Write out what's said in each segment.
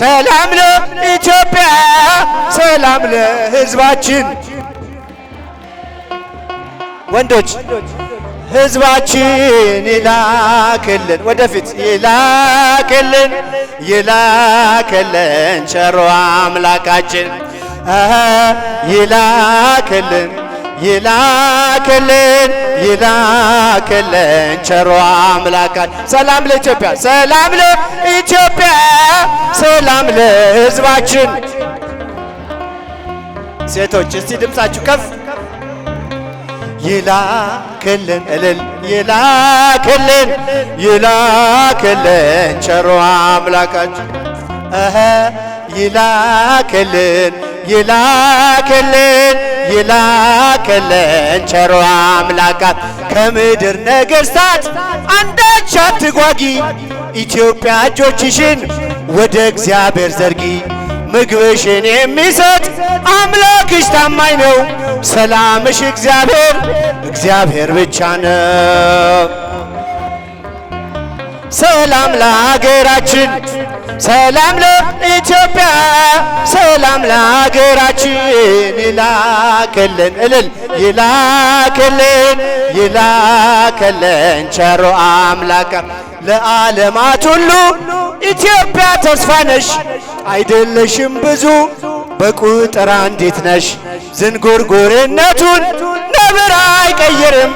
ሰላም ለኢትዮጵያ፣ ሰላም ለሕዝባችን። ወንዶች ህዝባችን ይላክልን፣ ወደፊት ይላክልን፣ ይላክልን ቸሮ አምላካችን ይላክልን ይላክልን ይላክልን ቸሮ አምላካል። ሰላም ለኢትዮጵያ፣ ሰላም ለኢትዮጵያ፣ ሰላም ለሕዝባችን። ሴቶች እስቲ ድምፃችሁ ከፍ ይላክልን እልል ይላክልን ይላክልን ቸሮ አምላካችን ይላክልን ይላክልን ይላክልን ቸሮ አምላካት ከምድር ነገሥታት አንዳች አትጓጊ፣ ኢትዮጵያ እጆችሽን ወደ እግዚአብሔር ዘርጊ። ምግብሽን የሚሰጥ አምላክሽ ታማኝ ነው። ሰላምሽ እግዚአብሔር እግዚአብሔር ብቻ ነው። ሰላም ለሀገራችን ሰላም ለኢትዮጵያ ሰላም ለሀገራችን ይላክልን እልል ይላክልን ይላክልን ቸሮ አምላከ ለዓለማት ሁሉ ኢትዮጵያ ተስፋ ነሽ አይደለሽም ብዙ በቁጥር አንዲት ነሽ ዝንጉርጉርነቱን ነብር አይቀይርም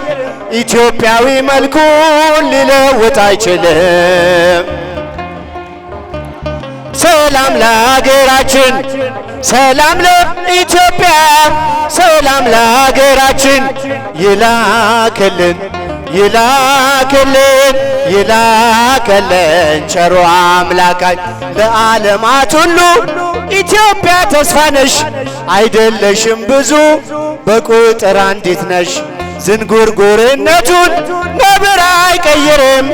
ኢትዮጵያዊ መልኩን ሊለውጥ አይችልም። ለሀገራችን፣ ሰላም ለኢትዮጵያ፣ ሰላም ለሀገራችን ይላክልን ይላክልን ይላክልን ቸሮ አምላካች ለዓለማት ሁሉ ኢትዮጵያ ተስፋ ነሽ አይደለሽም ብዙ በቁጥር አንዲት ነሽ። ዝንጉርጉርነቱን ነብር አይቀይርም፣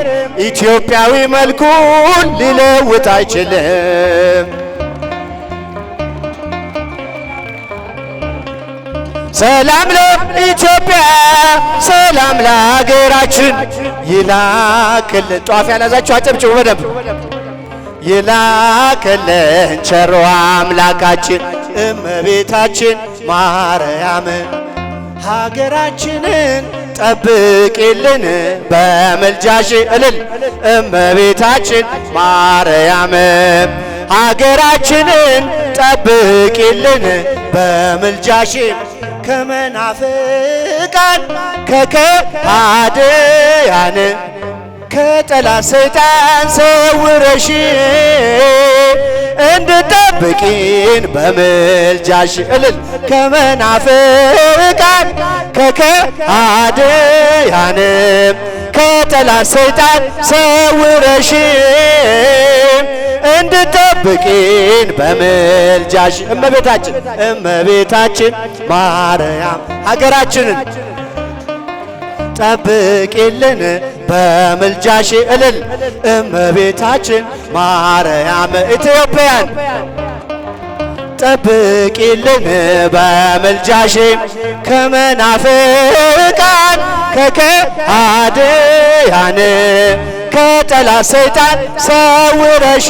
ኢትዮጵያዊ መልኩን ሊለውጥ አይችልም። ሰላም ለኢትዮጵያ ሰላም ለሀገራችን ይላክልን። ጧፍ ያላዛችሁ አጨብጭቡ በደንብ ይላክልን ቸሮ አምላካችን እመቤታችን ማርያም ሀገራችንን ጠብቂልን በምልጃሽ እልል እመቤታችን ማርያም ሀገራችንን ጠብቂልን በምልጃሽ ከመናፍቃን ከከሃድያን ከጠላ ሰይጣን ሰውረሽ እንድጠብቂን በምልጃሽ እልል ከመናፍቃን ከከሃድያንም ከጠላት ሰይጣን ሰውረሽ እንድጠብቂን በምልጃሽ እመቤታችን እመቤታችን ማርያም ሀገራችንን ጠብቂልን በምልጃሽ እልል እመቤታችን ማርያም ኢትዮጵያን ጠብቂልን በምልጃሽ ከመናፍቃን ከከሃዲ ያን ከጠላ ሰይጣን ሰውረሽ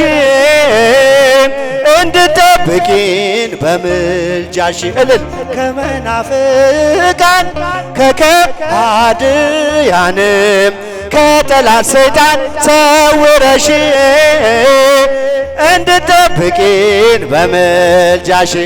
እንድጠብቂን በምልጃሽ እልል ከመናፍቃን ከከሃድያንም ከጠላት ሰይጣን ሰውረሽ እንድጠብቂን በምልጃሽ